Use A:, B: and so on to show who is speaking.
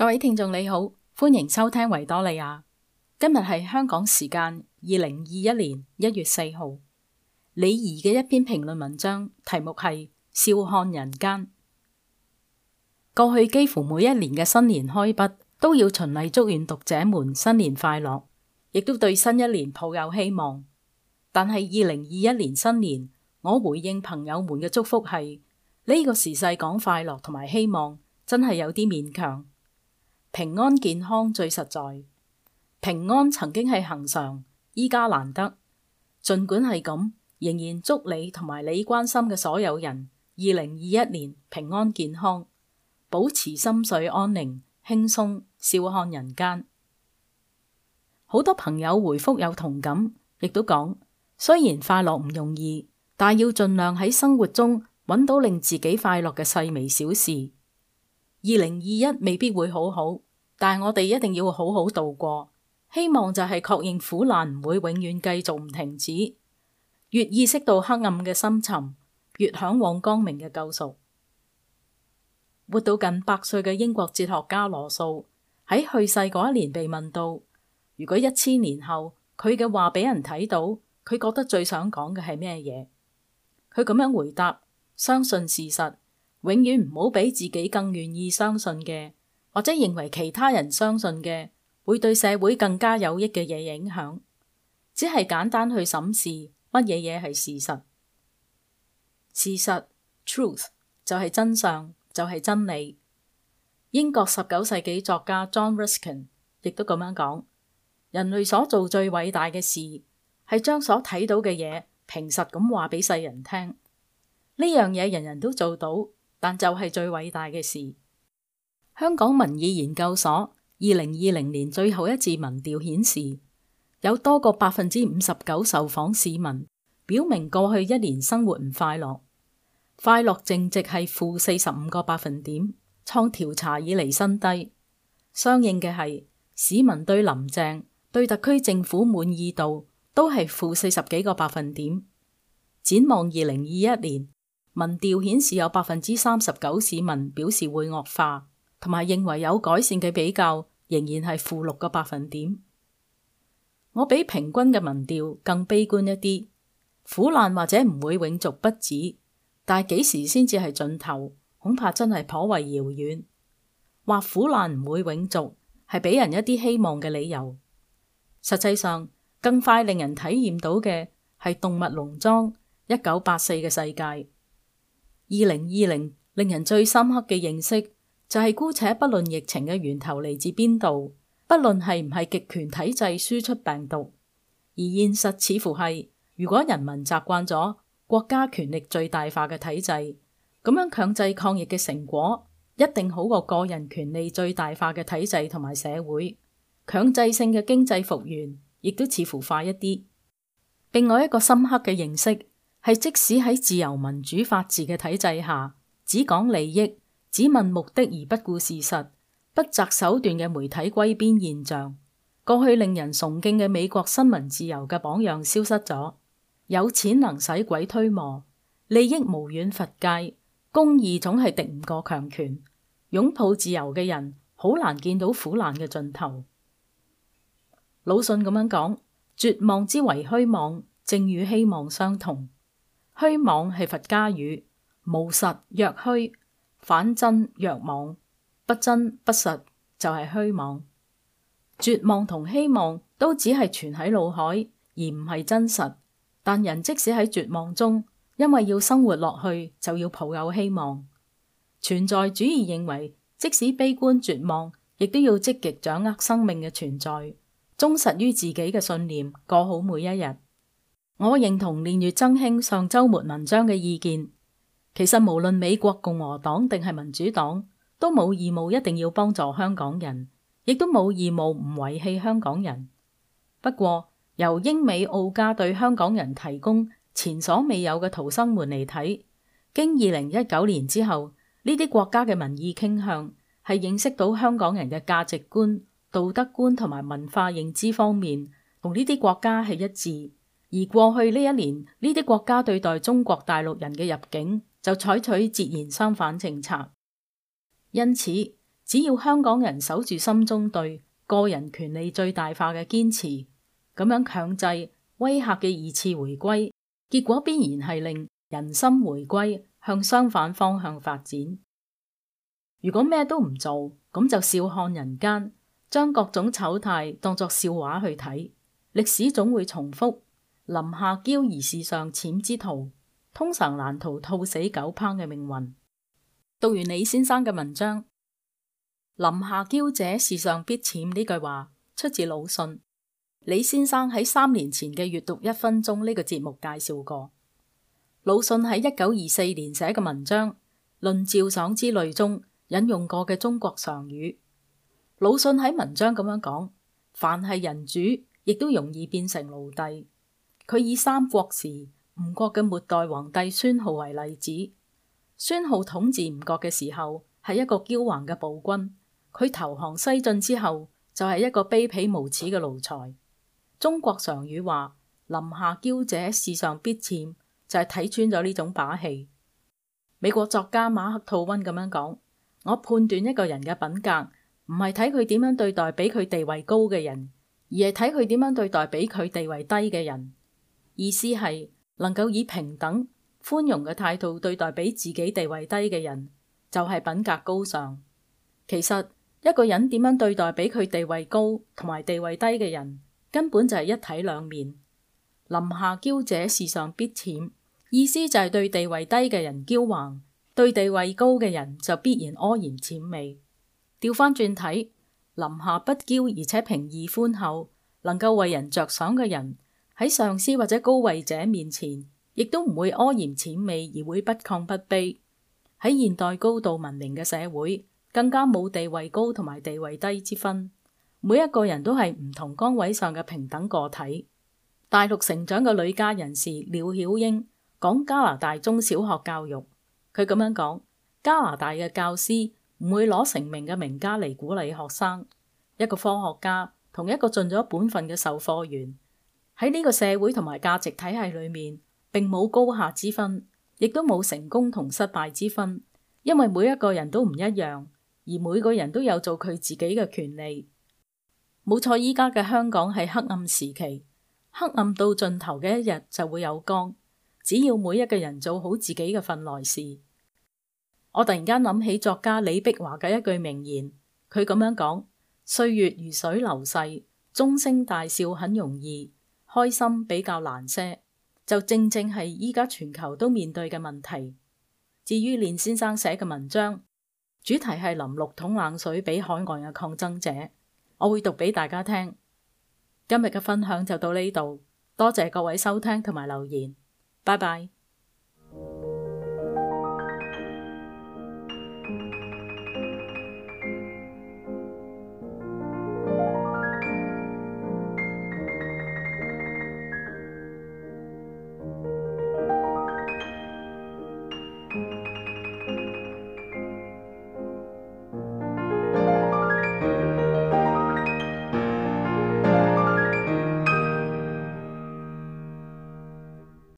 A: 各位聽眾你好，歡迎收聽維多利亞。今日係香港時間二零二一年一月四號。李怡嘅一篇評論文章，題目係《笑看人間》。過去幾乎每一年嘅新年開筆，都要循例祝願讀者們新年快樂，亦都對新一年抱有希望。但係二零二一年新年，我回應朋友們嘅祝福係呢、這個時勢講快樂同埋希望，真係有啲勉強。平安健康最實在，平安曾經係恆常，依家難得。盡管係咁，仍然祝你同埋你關心嘅所有人，二零二一年平安健康，保持心水安寧、輕鬆，笑看人間。好多朋友回覆有同感，亦都講，雖然快樂唔容易，但要盡量喺生活中搵到令自己快樂嘅細微小事。二零二一未必會好好，但係我哋一定要好好度過。希望就係確認苦難唔會永遠繼續唔停止。越意識到黑暗嘅深沉，越向往光明嘅救贖。活到近百歲嘅英國哲學家羅素喺去世嗰一年被問到：如果一千年後佢嘅話俾人睇到，佢覺得最想講嘅係咩嘢？佢咁樣回答：相信事實。永遠唔好俾自己更願意相信嘅，或者認為其他人相信嘅，會對社會更加有益嘅嘢影響。只係簡單去審視乜嘢嘢係事實。事實 truth 就係真相，就係真理。英國十九世紀作家 John Ruskin 亦都咁樣講：人類所做最偉大嘅事係將所睇到嘅嘢平實咁話俾世人聽。呢樣嘢人人都做到。但就係最偉大嘅事。香港民意研究所二零二零年最後一次民調顯示，有多過百分之五十九受訪市民表明過去一年生活唔快樂，快樂淨值係負四十五個百分點，創調查以嚟新低。相應嘅係市民對林鄭對特區政府滿意度都係負四十幾個百分點。展望二零二一年。民調顯示，有百分之三十九市民表示會惡化，同埋認為有改善嘅比較仍然係負六個百分點。我比平均嘅民調更悲觀一啲，苦難或者唔會永續不止，但係幾時先至係盡頭，恐怕真係頗為遙遠。話苦難唔會永續係俾人一啲希望嘅理由，實際上更快令人體驗到嘅係動物農莊一九八四嘅世界。二零二零令人最深刻嘅認識就係姑且不論疫情嘅源頭嚟自邊度，不論係唔係極權體制輸出病毒，而現實似乎係如果人民習慣咗國家權力最大化嘅體制，咁樣強制抗疫嘅成果一定好過個人權利最大化嘅體制，同埋社會強制性嘅經濟復原，亦都似乎快一啲。另外一個深刻嘅認識。係即使喺自由民主法治嘅體制下，只講利益，只問目的而不顧事實，不擇手段嘅媒體歸邊現象，過去令人崇敬嘅美國新聞自由嘅榜樣消失咗。有錢能使鬼推磨，利益無遠弗屆，公義總係敵唔過強權。擁抱自由嘅人好難見到苦難嘅盡頭。魯迅咁樣講：絕望之為虛妄，正與希望相同。虛妄係佛家語，無實若虛，反真若妄，不真不實就係虛妄。絕望同希望都只係存喺腦海，而唔係真實。但人即使喺絕望中，因為要生活落去，就要抱有希望。存在主義認為，即使悲觀絕望，亦都要積極掌握生命嘅存在，忠實於自己嘅信念，過好每一日。我認同練乙錚兄上周末文章嘅意見。其實無論美國共和黨定係民主黨，都冇義務一定要幫助香港人，亦都冇義務唔遺棄香港人。不過，由英美澳加對香港人提供前所未有嘅逃生門嚟睇，經二零一九年之後，呢啲國家嘅民意傾向係認識到香港人嘅價值觀、道德觀同埋文化認知方面同呢啲國家係一致。而過去呢一年，呢啲國家對待中國大陸人嘅入境就採取截然相反政策，因此只要香港人守住心中對個人權利最大化嘅堅持，咁樣強制威嚇嘅二次回歸，結果必然係令人心回歸向相反方向發展。如果咩都唔做，咁就笑看人間，將各種醜態當作笑話去睇，歷史總會重複。林下驕而事上淺之徒，通常難逃兔死狗烹嘅命運。讀完李先生嘅文章，《林下驕者事上必淺》呢句話出自魯迅。李先生喺三年前嘅閱讀一分鐘呢個節目介紹過，魯迅喺一九二四年寫嘅文章《論照相之類》中引用過嘅中國常語。魯迅喺文章咁樣講，凡係人主，亦都容易變成奴隸。佢以三國時吳國嘅末代皇帝孫皓為例子。孫皓統治吳國嘅時候係一個驕橫嘅暴君，佢投降西晉之後就係、是、一個卑鄙無恥嘅奴才。中國常語話：臨下驕者，事上必欠，就係、是、睇穿咗呢種把戲。美國作家馬克吐溫咁樣講：我判斷一個人嘅品格，唔係睇佢點樣對待比佢地位高嘅人，而係睇佢點樣對待比佢地位低嘅人。意思係能夠以平等寬容嘅態度對待比自己地位低嘅人，就係、是、品格高尚。其實一個人點樣對待比佢地位高同埋地位低嘅人，根本就係一體兩面。臨下驕者，事上必淺。意思就係對地位低嘅人驕橫，對地位高嘅人就必然柯然淺味。調翻轉睇，臨下不驕而且平易寬厚，能夠為人着想嘅人。喺上司或者高位者面前，亦都唔會阿諛諂媚，而會不亢不卑。喺現代高度文明嘅社會，更加冇地位高同埋地位低之分，每一個人都係唔同崗位上嘅平等個體。大陸成長嘅旅加人士廖曉英講加拿大中小學教育，佢咁樣講：加拿大嘅教師唔會攞成名嘅名家嚟鼓勵學生，一個科學家同一個盡咗本分嘅售貨員。喺呢個社會同埋價值體系裏面，並冇高下之分，亦都冇成功同失敗之分，因為每一個人都唔一樣，而每個人都有做佢自己嘅權利。冇錯，依家嘅香港係黑暗時期，黑暗到盡頭嘅一日就會有光。只要每一個人做好自己嘅份內事，我突然間諗起作家李碧華嘅一句名言，佢咁樣講：歲月如水流逝，鐘聲大笑很容易。開心比較難些，就正正係依家全球都面對嘅問題。至於連先生寫嘅文章，主題係淋六桶冷水俾海外嘅抗爭者，我會讀俾大家聽。今日嘅分享就到呢度，多謝各位收聽同埋留言，拜拜。